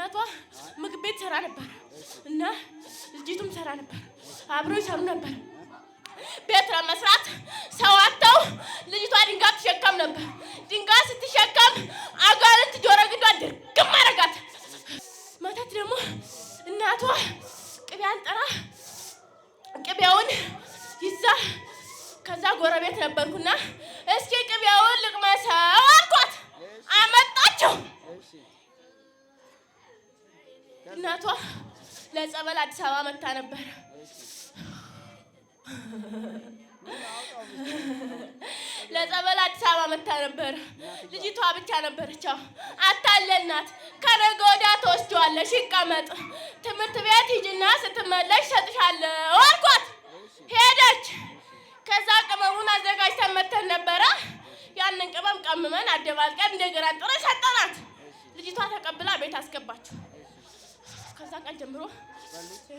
እናቷ ምግብ ቤት ሰራ ነበር እና ልጅቱም ሰራ ነበር። አብረው ይሰሩ ነበር። ቤት ለመስራት ሰው አጥተው ልጅቷ ድንጋይ ትሸከም ነበር። ድንጋይ ስትሸከም አጋንንት ጆሮ ግንዷ ድርግም አደረጋት። መተት ደግሞ እናቷ ቅቤ አንጥራ ቅቤውን ይዛ ከዛ ጎረቤት ነበርኩና እስኪ ቅቤውን ልቅመሰው አልኳት። አመጣቸው እናቷ ለጸበል አዲስ አበባ መታ ነበር። ለጸበል አዲስ አበባ መታ ነበር። ልጅቷ ብቻ ነበረች። አታለልናት። ከነገ ወዲያ ተወስደዋለሽ፣ ይቀመጥ፣ ትምህርት ቤት ሂጂና ስትመለሽ ሰጥሻለሁ አልኳት። ሄደች። ከዛ ቅመሙን አዘጋጅተን መተን ነበረ። ያንን ቅመም ቀምመን አደባልቀን እንደገና ጥረ ሰጠናት። ልጅቷ ተቀብላ ቤት አስገባችሁ። ከዛ ቀን ጀምሮ በሉት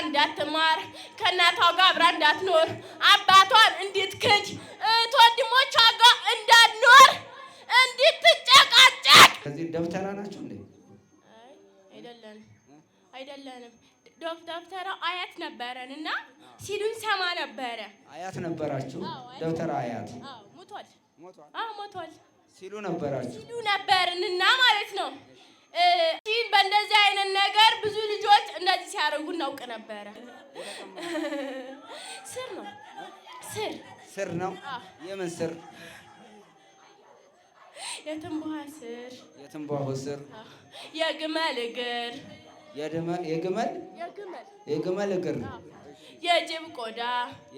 እንዳትማር ከእናቷ ጋር አብራ እንዳትኖር አባቷን እንድትክድ እህት ወንድሞቿ ጋር እንዳትኖር እንድትጨቃጨቅ። ከዚህ ደብተራ ናቸው እንዴ? አይደለም አይደለንም። ደብተራ አያት ነበረን እና ሲሉን ሰማ ነበረ። አያት ነበራችሁ? ደብተራ አያት ሞቷል ሞቷል ሲሉ ነበራችሁ ሲሉ ነበርንና ማለት ነው። በእንደዚህ አይነት ነገር ብዙ ልጆች እንደዚህ ሲያደርጉ እናውቅ ነበረ። ስር ነው ስር ስር ነው። የምን ስር? የትንቧ ስር የትንቧሁ ስር የግመል እግር የግመል የግመል እግር የጅብ ቆዳ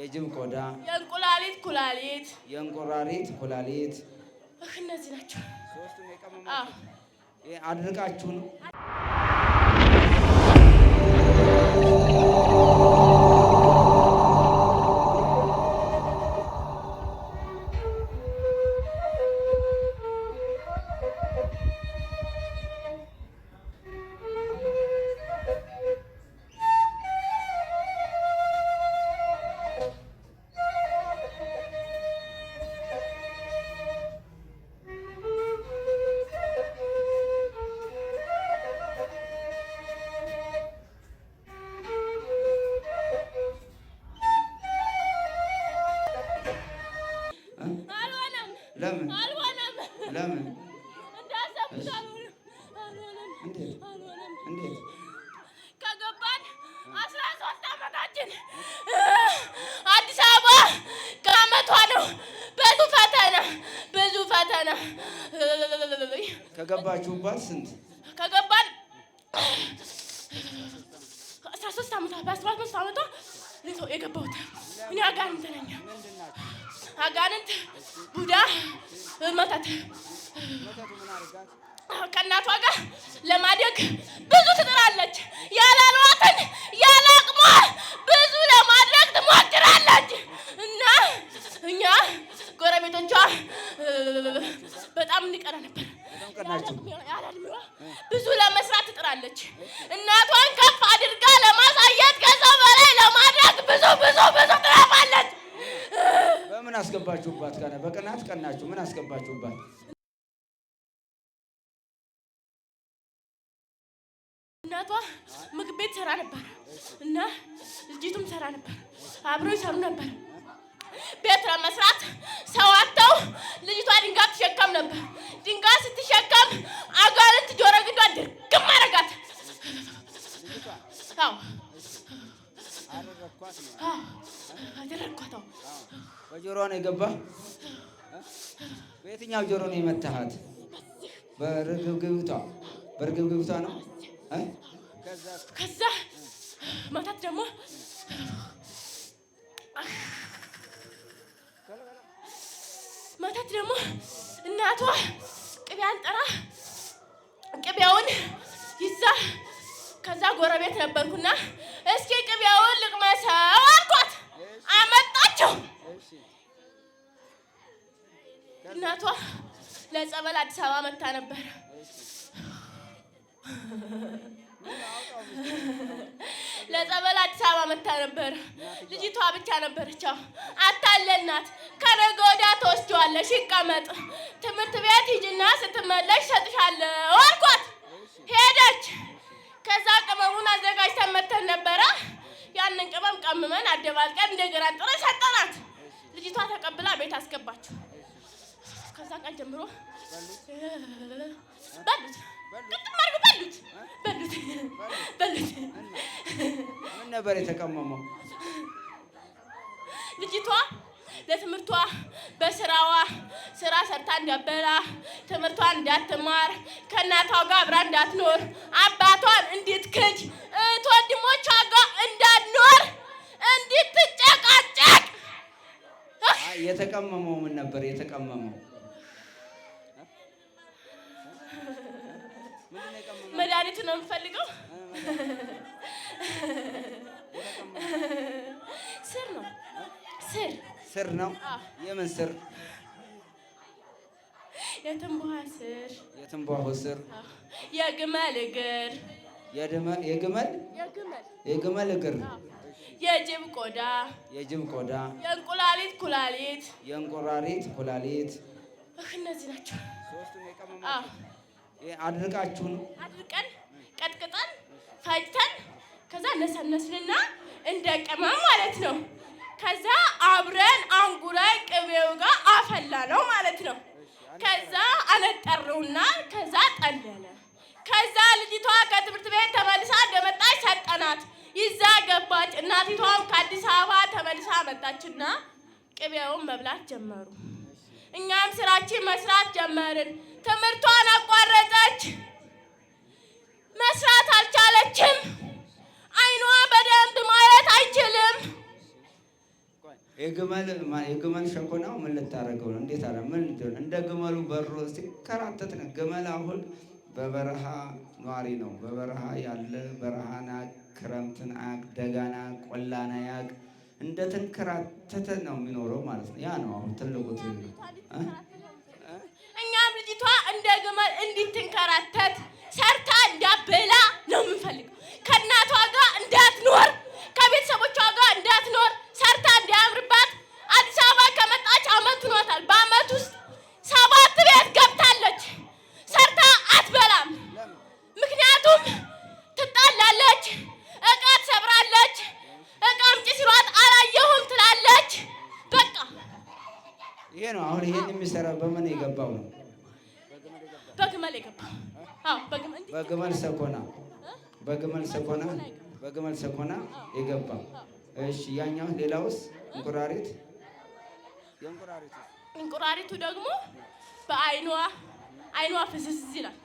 የጅብ ቆዳ የእንቁላሊት ኩላሊት የእንቁራሪት ኩላሊት እነዚህ ናቸው። አድርቃችሁ ነው ቀነ ከገባችሁባት ስንት ከገባን አስራ ሦስት ዓመቷ በአስራ ሦስት ዓመቷ የገባሁት እኔ አጋንንት ነኝ። አጋንንት ቡዳ መተት ከእናቷ ጋር ለማደግ ብዙ ትጥራለች። ያላሏትን ያለ ብዙ ለማድረግ ትሞክራለች። እና እኛ ጎረቤቶቿ በጣም እንቀና ነበር። ብዙ ለመስራት ትጥራለች። እናቷን ከፍ አድርጋ ለማሳየት ከሰው በላይ ለማድረግ ብዙ ብዙ ብዙ ትለፋለች። በምን አስገባችሁባት? ከነ በቅናት ቀናችሁ። ምን አስገባችሁባት? እናቷ ምግብ ቤት ሰራ ነበር እና ልጅቱም ሰራ ነበር። አብረው ይሰሩ ነበር። ቤት ለመስራት ሰው አጥተው ልጅቷ ድንጋይ ትሸከም ነበር። ድንጋይ ስትሸከም አጋንንት ጆሮ ግንዷ ድርግም አደረጋት። በጆሮ ነው የገባ። በየትኛው ጆሮ ነው የመታሃት? በርግብግብቷ በርግብግብቷ ነው። ከዛ መታት ደግሞ ወተት ደግሞ እናቷ ቅቤ አንጠራ ቅቤውን ይዛ ከዛ ጎረቤት ነበርኩና እስኪ ቅቤውን ልቅመሰው አልኳት። አመጣችው። እናቷ ለጸበል አዲስ አበባ መታ ነበር። ለጸበል አዲስ አበባ መታ ነበር። ልጅቷ ብቻ ነበረች። አታለልናት። ከነገ ወዲያ ተወስደዋለሽ፣ ይቀመጥ ትምህርት ቤት ሂጂና ስትመለሽ ሰጥሻለሁ አልኳት። ሄደች። ከዛ ቅመሙን አዘጋጅተን መተን ነበረ። ያንን ቅመም ቀምመን አደባልቀን እንደገና ጥረን ሰጠናት። ልጅቷ ተቀብላ ቤት አስገባችሁ። ከዛ ቀን ጀምሮ በሉት ግጥም በሉት በሉት በሉት። ምን ነበር የተቀመመው? ልጅቷ ለትምህርቷ በስራዋ ስራ ሰርታ እንዳበላ ትምህርቷን እንዳትማር ከእናቷ ጋር አብራ እንዳትኖር አባቷን እንድትክድ እህት ወንድሞቿ ጋር እንዳትኖር እንድትጨቃጨቅ። የተቀመመው ምን ነበር የተቀመመው? መድኃኒቱ ነው የምፈልገው። ስር ነው ስር ስር ነው። የምን ስር? የትንቧ ስር የትንባሆ ስር። የግመል እግር የግመል የግመል እግር። የጅብ ቆዳ የጅብ ቆዳ። የእንቁላሊት ኩላሊት የእንቁላሊት ኩላሊት። እነዚህ ናቸው። አድርቃችሁ ነው አድርቀን ቀጥቅጠን ፈጭተን ከዛ ነሰነስንና እንደ ቅመም ማለት ነው። ከዛ አብረን አንጉራይ ቅቤው ጋር አፈላ ነው ማለት ነው። ከዛ አነጠረውና ከዛ ጠለለ። ከዛ ልጅቷ ከትምህርት ቤት ተመልሳ እንደመጣች ሰጠናት። ይዛ ገባች። እናቲቷም ከአዲስ አበባ ተመልሳ መጣችና ቅቤውን መብላት ጀመሩ። እኛም ስራችን መስራት ጀመርን። ትምህርቷን አቋረጠች። መስራት አልቻለችም። አይኗ በደንብ ማየት አይችልም። የግመል ሸኮናው ምን ልታደርገው ነው? እንዴት አለ? ምን እንደ ግመሉ በሮ ሲከራተት ነው። ግመል አሁን በበረሃ ኗሪ ነው። በበረሃ ያለ በረሃን ክረምትን አያቅ፣ ደጋን አያቅ፣ ቆላን እንደ ተንከራተተ ነው የሚኖረው ማለት ነው። ያ ነው አሁን ትልቁ እንድትንከራተት ሰርታ እንዳበላ ነው የምንፈልገው። ከእናቷ ጋር እንዳትኖር፣ ከቤተሰቦቿ ጋር እንዳትኖር፣ ሰርታ እንዲያምርባት። አዲስ አበባ ከመጣች አመት ሆኗታል። በአመት ውስጥ ሰባት ቤት ገብታለች። ሰርታ አትበላም። ምክንያቱም ትጣላለች፣ እቃ ትሰብራለች፣ እቃ አምጪ ሲሏት አላየሁም ትላለች። በቃ ይሄ ነው አሁን ይሄን የሚሰራው በምን የገባው ነው በግመል የገባ በግመል ሰኮና በግመል ሰኮና በግመል ሰኮና የገባ እሺ። ያኛው ሌላውስ? እንቁራሪት እንቁራሪቱ ደግሞ በአይኗ አይኗ ፍዝዝ ይላል።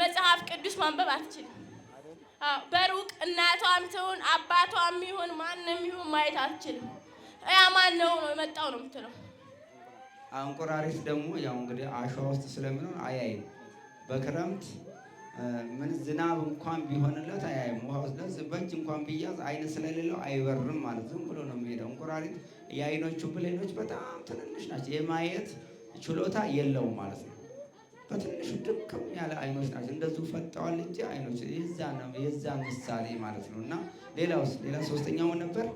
መጽሐፍ ቅዱስ ማንበብ አትችልም። በሩቅ እናቷም ትሁን አባቷም ይሁን ማንም ይሁን ማየት አትችልም። ያ ማን ነው የመጣው ነው የምትለው። እንቁራሪት ደግሞ ያው እንግዲህ አሸዋ ውስጥ ስለሚሆን አያይም በክረምት ምን ዝናብ እንኳን ቢሆንለት አያይም። ውሃ ውስጥ በእጅ እንኳን ቢያዝ አይን ስለሌለው አይበርም ማለት ዝም ብሎ ነው የሚሄደው። እንቁራሪት የአይኖቹ ብሌኖች በጣም ትንንሽ ናቸው። የማየት ችሎታ የለውም ማለት ነው። በትንሹ ድቅም ያለ አይኖች ናቸው። እንደዚሁ ፈጠዋል እንጂ አይኖች የዛ ምሳሌ ማለት ነው። እና ሌላውስ ሌላ ሶስተኛውን ነበር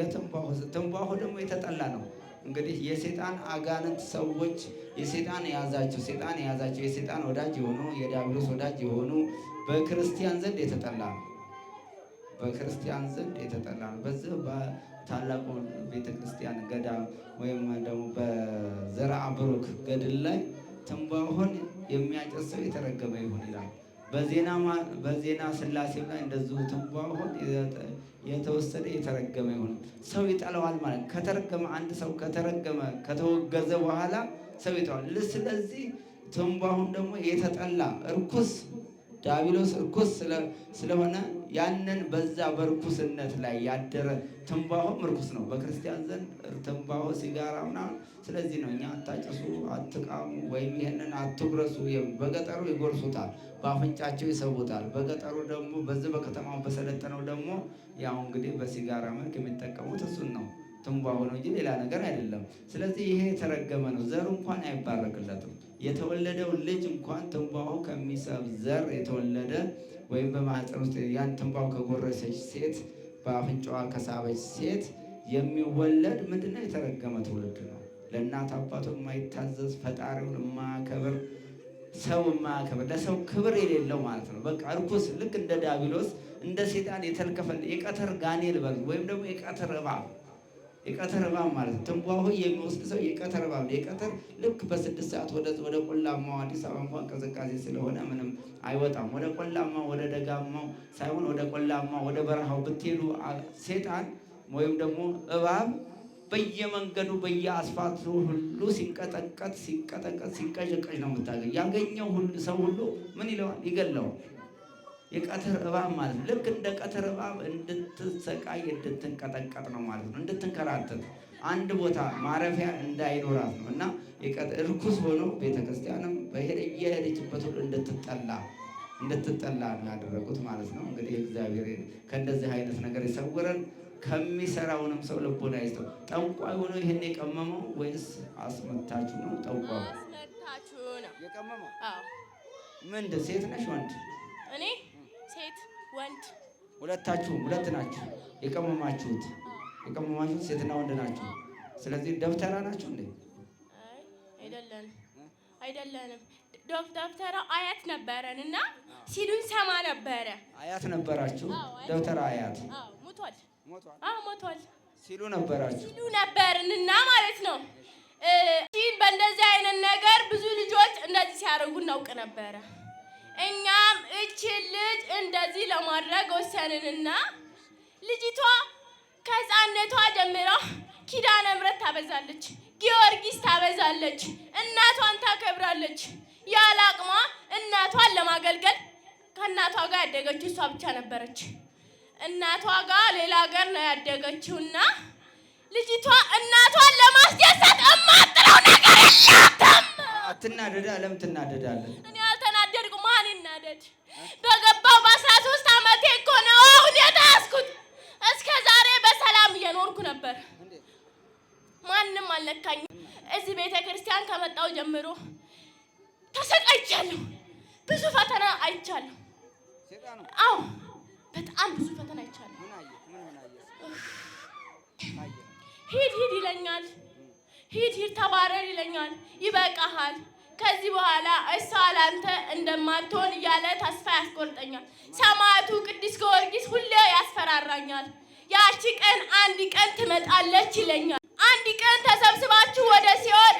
የትንባሆ ትንባሆ ደግሞ የተጠላ ነው እንግዲህ የሴጣን አጋንንት ሰዎች የሴጣን የያዛቸው ሴጣን የያዛቸው የሴጣን ወዳጅ የሆኑ የዲያብሎስ ወዳጅ የሆኑ በክርስቲያን ዘንድ የተጠላ ነው። በክርስቲያን ዘንድ የተጠላ ነው። በዚህ በታላቁ ቤተክርስቲያን ገዳም ወይም ደግሞ በዘርአ ብሩክ ገድል ላይ ትንባሆን የሚያጨስ ሰው የተረገመ ይሁን ይላል። በዜና ስላሴም ላይ እንደዚሁ ትንባሆን የተወሰደ የተረገመ ይሆን። ሰው ይጠለዋል ማለት ከተረገመ፣ አንድ ሰው ከተረገመ ከተወገዘ በኋላ ሰው ይጠለዋል። ስለዚህ ትንባሁን ደግሞ የተጠላ እርኩስ ዳቢሎስ እርኩስ ስለሆነ ያንን በዛ በርኩስነት ላይ ያደረ ትንባሆም እርኩስ ነው በክርስቲያን ዘንድ ትንባሆ፣ ሲጋራ ምናምን። ስለዚህ ነው እኛ አታጭሱ፣ አትቃሙ፣ ወይም ይህንን አትጉረሱ። በገጠሩ ይጎርሱታል፣ በአፍንጫቸው ይሰቡታል። በገጠሩ ደግሞ በዚህ በከተማው በሰለጠነው ደግሞ ያው እንግዲህ በሲጋራ መልክ የሚጠቀሙት እሱን ነው ትንባሆ ነው እንጂ ሌላ ነገር አይደለም። ስለዚህ ይሄ የተረገመ ነው፣ ዘሩ እንኳን አይባረክለትም። የተወለደው ልጅ እንኳን ትንባሆ ከሚሰብ ዘር የተወለደ ወይም በማህፀን ውስጥ ያን ትንባሆ ከጎረሰች ሴት በአፍንጫዋ ከሳበች ሴት የሚወለድ ምንድነው? የተረገመ ትውልድ ነው። ለእናት አባቱ የማይታዘዝ ፈጣሪውን የማያከብር ሰው የማያከብር ለሰው ክብር የሌለው ማለት ነው። በቃ እርኩስ፣ ልክ እንደ ዳቢሎስ እንደ ሴጣን የተልከፈለ የቀትር ጋኔል በል ወይም ደግሞ የቀትር እባብ የቀተር እባብ ማለት ትንቧሆ የሚወስድ ሰው የቀተር እባብ የቀተር ልክ በስድስት ሰዓት ወደ ቆላማው አዲስ አበባ እንኳን ቅዝቃዜ ስለሆነ ምንም አይወጣም። ወደ ቆላማው ወደ ደጋማው ሳይሆን ወደ ቆላማው ወደ በረሃው ብትሄዱ ሴጣን ወይም ደግሞ እባብ በየመንገዱ በየአስፋልቱ ሁሉ ሲንቀጠቀጥ ሲንቀጠቀጥ ሲንቀዠቀዥ ነው የምታገኝ። ያገኘው ሰው ሁሉ ምን ይለዋል? ይገለዋል። የቀትር እባብ ማለት ልክ እንደ ቀትር እባብ እንድትሰቃይ እንድትንቀጠቀጥ ነው ማለት ነው። እንድትንከራተት አንድ ቦታ ማረፊያ እንዳይኖራት ነው እና እርኩስ ሆኖ ቤተክርስቲያንም እየሄደችበት ሁሉ እንድትጠላ እንድትጠላ ያደረጉት ማለት ነው። እንግዲህ እግዚአብሔር ከእንደዚህ አይነት ነገር ይሰውረን። ከሚሰራውንም ሰው ልቦና ይስጠው። ጠንቋይ ሆኖ ይህን የቀመመው ወይስ አስመታችሁ ነው? ጠንቋይ የቀመመው ምንድን ሴት ነሽ ወንድ እኔ ሴት ወንድ፣ ሁለታችሁም ሁለት ናችሁ። የቀመማችሁት የቀመማችሁት ሴትና ወንድ ናችሁ። ስለዚህ ደብተራ ናችሁ እንዴ? አይደለንም፣ አይደለንም። ደብተራ አያት ነበረን እና ሲሉን ሰማ ነበረ። አያት ነበራችሁ? ደብተራ አያት ሞቷል፣ ሞቷል ሲሉ ነበራችሁ? ሲሉ ነበርንና ማለት ነው። በእንደዚህ አይነት ነገር ብዙ ልጆች እንደዚህ ሲያደርጉ እናውቅ ነበረ። እኛም እቺ ልጅ እንደዚህ ለማድረግ ወሰንንና ልጅቷ ከህፃነቷ ጀምራ ኪዳነ ምሕረት ታበዛለች፣ ጊዮርጊስ ታበዛለች፣ እናቷን ታከብራለች። ያለ አቅሟ እናቷን ለማገልገል ከእናቷ ጋር ያደገችው እሷ ብቻ ነበረች። እናቷ ጋር ሌላ ሀገር ነው ያደገችው እና ልጅቷ እናቷን ለማስደሰት እማትለው ነገር የላትም። ትናደዳ ለምን ትናደዳለን? ወለደች። በገባው በአስራ ሶስት አመቴ እኮ ነው አሁን የተያዝኩት። እስከ ዛሬ በሰላም እየኖርኩ ነበር፣ ማንም አልነካኝም። እዚህ ቤተ ክርስቲያን ከመጣሁ ጀምሮ ተሰቃይቻለሁ። ብዙ ፈተና አይቻለሁ። አዎ በጣም ብዙ ፈተና አይቻለሁ። ሂድ ሂድ ይለኛል፣ ሂድ ሂድ ተባረር ይለኛል። ይበቃሃል ከዚህ በኋላ እሷ ላንተ እንደማትሆን እያለ ተስፋ ያስቆርጠኛል። ሰማዕቱ ቅዱስ ጊዮርጊስ ሁሌ ያስፈራራኛል። ያቺ ቀን አንድ ቀን ትመጣለች ይለኛል። አንድ ቀን ተሰብስባችሁ ወደ ሲኦል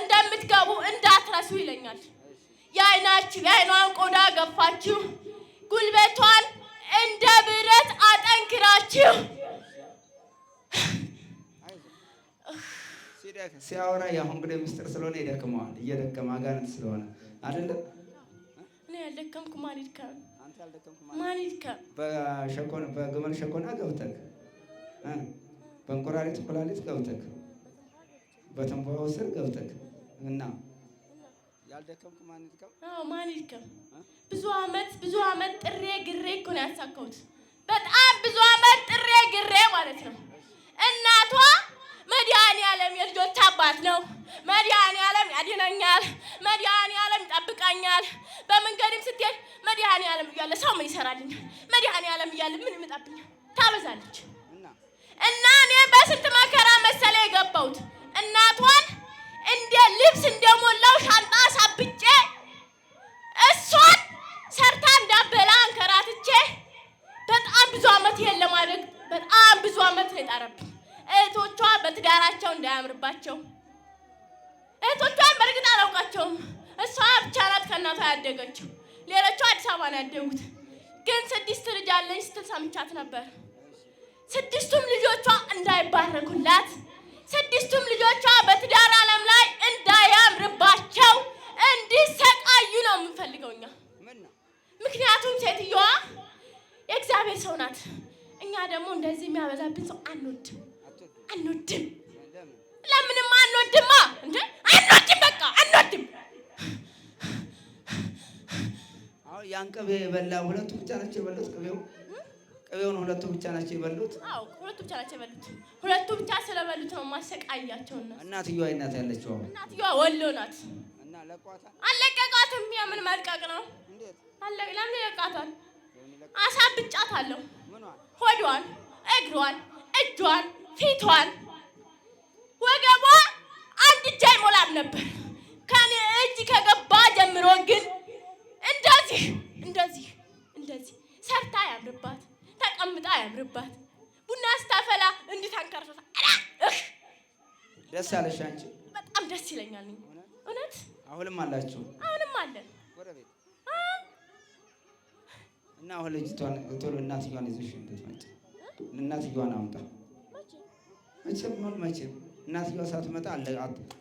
እንደምትገቡ እንዳትረሱ ይለኛል። የአይናችሁ የአይኗን ቆዳ ገፋችሁ፣ ጉልበቷን እንደ ብረት አጠንክራችሁ ሲያወራ ያሁን እንግዲህ ምስጢር ስለሆነ ይደክመዋል። እየደከመ አጋንንት ስለሆነ አይደለም። እኔ ያልደከምኩ ማን ይድከም? ማን ይድከም? በሸኮን በግመል ሸኮና ገብተክ በእንቁራሪት ኩላሊት ገብተክ በትንባሆ ስር ገብተክ እና ያልደከምኩ ማን ይድከም? አዎ ማን ይድከም? ብዙ አመት ብዙ አመት ጥሬ ግሬ እኮ ነው ያሳካሁት። በጣም ብዙ አመት ጥሬ ግሬ ማለት ነው ዓለም የልጆች አባት ነው። መድኃኔ ዓለም ያድነኛል፣ መድኃኔ ዓለም ይጠብቀኛል በመንገድም ስትሄድ መድኃኔ ዓለም እያለ ሰው ምን ይሰራልኛል? መድኃኔ ዓለም እያለ ምን ይመጣብኛል? ታበዛለች እና እኔ በስንት መከራ ያምርባቸው እህቶቿን በእርግጥ አላውቃቸውም። እሷ ብቻ ናት ከእናቷ ያደገችው። ሌሎቹ አዲስ አበባ ነው ያደጉት። ግን ስድስት ልጅ አለኝ ስትል ሰምቻት ነበር። ስድስቱም ልጆቿ እንዳይባረኩላት፣ ስድስቱም ልጆቿ በትዳር ዓለም ላይ እንዳያምርባቸው እንዲሰቃዩ ነው የምንፈልገው እኛ። ምክንያቱም ሴትዮዋ የእግዚአብሔር ሰው ናት። እኛ ደግሞ እንደዚህ የሚያበዛብን ሰው አንወድም አንወድም። አንወድማ እንዴ አንወድም፣ በቃ አንወድም። አሁን ያን ቅቤ የበላ ሁለቱ ብቻ ናቸው የበሉት። ቅቤው ቅቤውን ሁለቱ ብቻ ናቸው የበሉት። አዎ ሁለቱ ብቻ ናቸው የበሉት። ሁለቱ ብቻ ስለበሉት ነው ማሰቃያቸው። እና እናትየዋ እናት ያለችው እናትየዋ ወሎ ናት። እና ለቋታ አለቀቃትም። የምን መልቀቅ ነው? እንዴት አለቀ? ለምን ይለቃታል? አሳብጫታለሁ። ሆዷን፣ እግሯን፣ እጇን፣ ፊቷን ወገቧ አንድ እጅ አይሞላም ነበር። ከኔ እጅ ከገባ ጀምሮ ግን እንደዚህ እንደዚህ እንደዚህ ሰርታ ያምርባት ተቀምጣ ያምርባት ቡና ስታፈላ እንዲህ ታንከርፈፋ። ደስ ያለሽ አንቺ? በጣም ደስ ይለኛል እውነት። አሁንም አላችሁ? አሁንም አለን እና አሁን ልጅቷን ቶሎ እናትየዋን ይዘሽ እናትየዋን አምጣ። መቼም መቼም እናትየዋ ሳትመጣ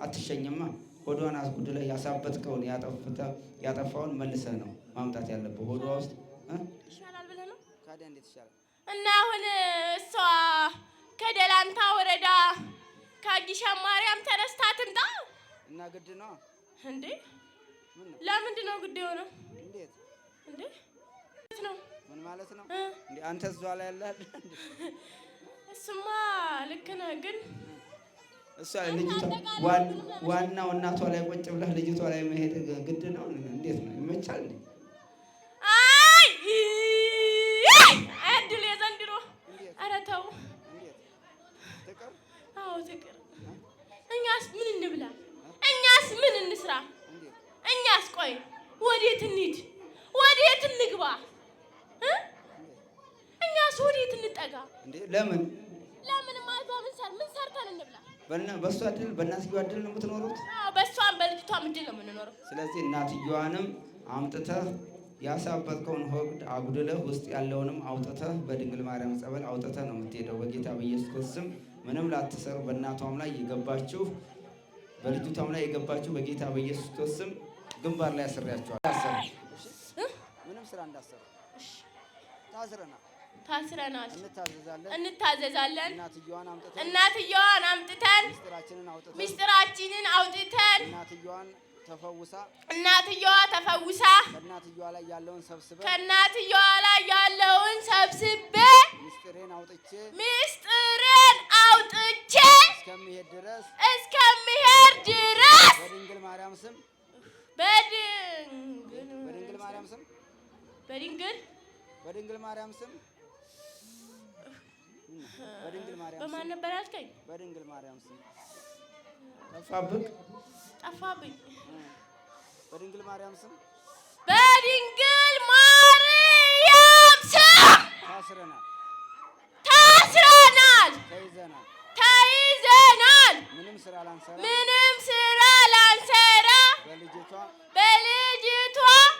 አትሸኝማ። ሆዷን አስጉድለህ ያሳበጥከውን ያጠፋውን መልሰህ ነው ማምጣት ያለብህ። ሆዷ ውስጥ ይሻላል ብለህ ነው ይሻላል? እና አሁን እሷ ከደላንታ ወረዳ ከአዲሻ ማርያም ተነስታ ትምጣ እና ግድ ነው እንዴ? ለምንድን ነው ግድ የሆነው? እንዴት እንዴ? ነው ምን ማለት ነው? እንዴ? አንተ እዛ ላይ ያለህ እሱማ ልክ ነህ ግን እሷ ልጅቷ ዋናው እናቷ ላይ ቁጭ ብለህ ልጅቷ ላይ መሄድ ግድ ነው። እንዴት ነው ይመቻል? አይ እድል የዘንድሮ ኧረ ተው። አዎ ትቅር። እኛስ ምን እንብላ? እኛስ ምን እንስራ? እኛስ ቆይ ወዴት እንሂድ? ወዴት እንግባ? እኛስ ወዴት እንጠጋ? ለምን ለምን ምን ሰርተን እንብላ በእሷ ድል በእናትየዋ ድል ነው የምትኖሩት። በእሷም በልጅቷም ድል ነው የምንኖረው። ስለዚህ እናትየዋንም አምጥተህ ያሳበጥከውን ሆድ አጉድለህ ውስጥ ያለውንም አውጥተህ በድንግል ማርያም ጸበል አውጥተህ ነው የምትሄደው። በጌታ በኢየሱስ ክርስትም ምንም ላትሰሩ በእናቷም ላይ የገባችሁ በልጅቷም ላይ የገባችሁ በጌታ በኢየሱስ ክርስትም ግንባር ላይ ያስሪያችኋል። ምንም ስራ እንዳሰሩ ታዝረናል። ታስረናል፣ እንታዘዛለን። እናትየዋን አምጥተን ምስጢራችንን አውጥተን እናትየዋ ተፈውሳ ከእናትየዋ ላይ ያለውን ሰብስቤ ከእናትየዋ ላይ ያለውን ሰብስቤ ምስጢሬን አውጥቼ ምስጢሬን አውጥቼ እስከሚሄድ ድረስ እስከሚሄድ ድረስ በድንግል ማርያም ስም በድንግል ማርያም ስም በድንግል በድንግል ማርያም ስም በማን ነበር ያልከኝ? በድንግል ማርያም ስም ጠፋብኝ። በድንግል ማርያም ስም በድንግል ማርያም ስም ታስረናል፣ ታስረናል፣ ተይዘናል፣ ተይዘናል። ምንም ስራ ላንሰራ፣ ምንም ስራ ላንሰራ፣ በልጅቷ በልጅቷ፣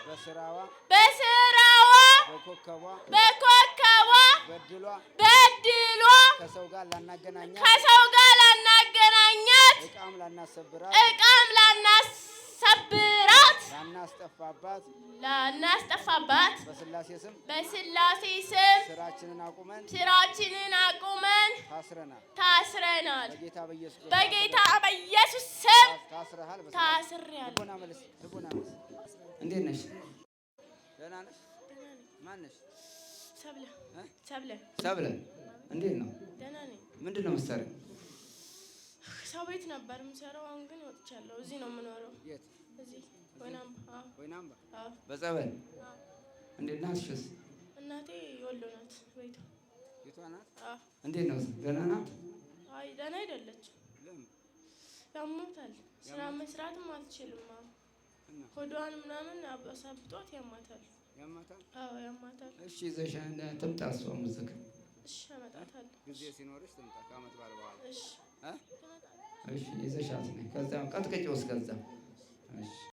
በስራዋ፣ በስራዋ፣ በኮከቧ፣ በኮከቧ፣ በድሏ፣ በድ ከሰው ጋር ላናገናኛት ከሰው ጋር ላናገናኛት እቃም ላናሰብራት እቃም ላናሰብራት ላናስጠፋባት ላናስጠፋባት በስላሴ ስም በስላሴ ስም ስራችንን አቁመን ስራችንን አቁመን ታስረናል ታስረናል በጌታ በኢየሱስ ስም ታስረሃል ታስረሃል። ልቦና መልስ ልቦና መልስ። እንዴት ነሽ? ደህና ነሽ? ማን ነሽ? ሰብለ ሰብለ ሰብለ እንዴት ነው? ደህና ነኝ። ምንድን ነው የምትሰሪው? ሰው ቤት ነበር የምሰራው፣ አሁን ግን ወጥቻለሁ። እዚህ ነው የምኖረው። እዚህ ወይናምባ በጸበል። እንዴት ናት? እናቴ የወሎ ናት። ቤቷ ቤቷ ናት። እንዴት ነው? ደህና ናት? አይ ደህና አይደለችም። ያሟታል። ስራ መስራትም አልችልም። ሆዷን ምናምን አሳብጧት ያማታል። እሺ ዘሻ ትምጣ እሷ ሙዝክ ጊዜ ሲኖርሽ ትምጣ ከአመት በዓል በኋላ ይዘሻት ነይ።